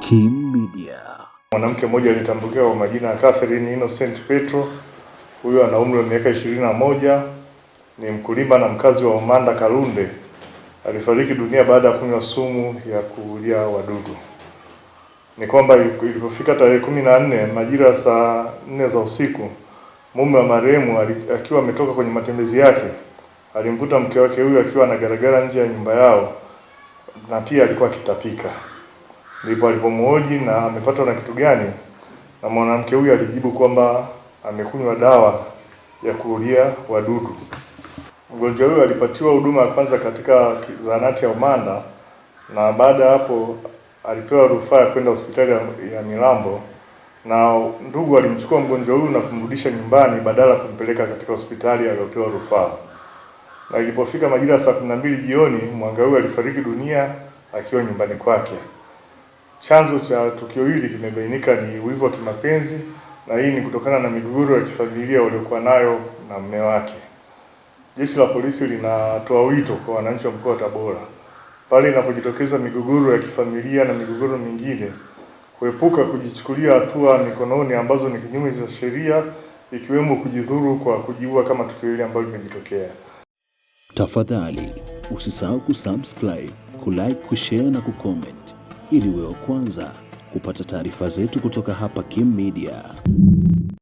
Kim Media. Mwanamke mmoja alitambuliwa kwa majina ya Catherine Innocent Petro, huyo ana umri wa miaka ishirini na moja, ni mkulima na mkazi wa Umanda Kalunde. Alifariki dunia baada ya kunywa sumu ya kuulia wadudu. Ni kwamba ilipofika tarehe kumi na nne majira ya saa nne za usiku, mume wa marehemu akiwa ametoka kwenye matembezi yake alimkuta mke wake huyo akiwa anagaragara nje ya nyumba yao na pia alikuwa akitapika. Ndipo alipomhoji na amepatwa na kitu gani, na mwanamke huyu alijibu kwamba amekunywa dawa ya kuulia wadudu. Mgonjwa huyu alipatiwa huduma ya kwanza katika zahanati ya Umanda na baada ya hapo alipewa rufaa ya kwenda hospitali ya Milambo na ndugu alimchukua mgonjwa huyu na kumrudisha nyumbani badala ya kumpeleka katika hospitali aliyopewa rufaa na ilipofika majira ya saa kumi na mbili jioni mwanga huyo alifariki dunia akiwa nyumbani kwake. Chanzo cha tukio hili kimebainika ni wivu wa kimapenzi, na hii ni kutokana na migogoro ya kifamilia waliokuwa nayo na mme wake. Jeshi la polisi linatoa wito kwa wananchi wa mkoa wa Tabora pale inapojitokeza migogoro ya kifamilia na migogoro mingine kuepuka kujichukulia hatua mikononi ambazo ni kinyume cha sheria, ikiwemo kujidhuru kwa kujiua kama tukio hili ambalo limejitokea. Tafadhali usisahau kusubscribe, kulike, kushare na kucomment ili uwe wa kwanza kupata taarifa zetu kutoka hapa Kim Media.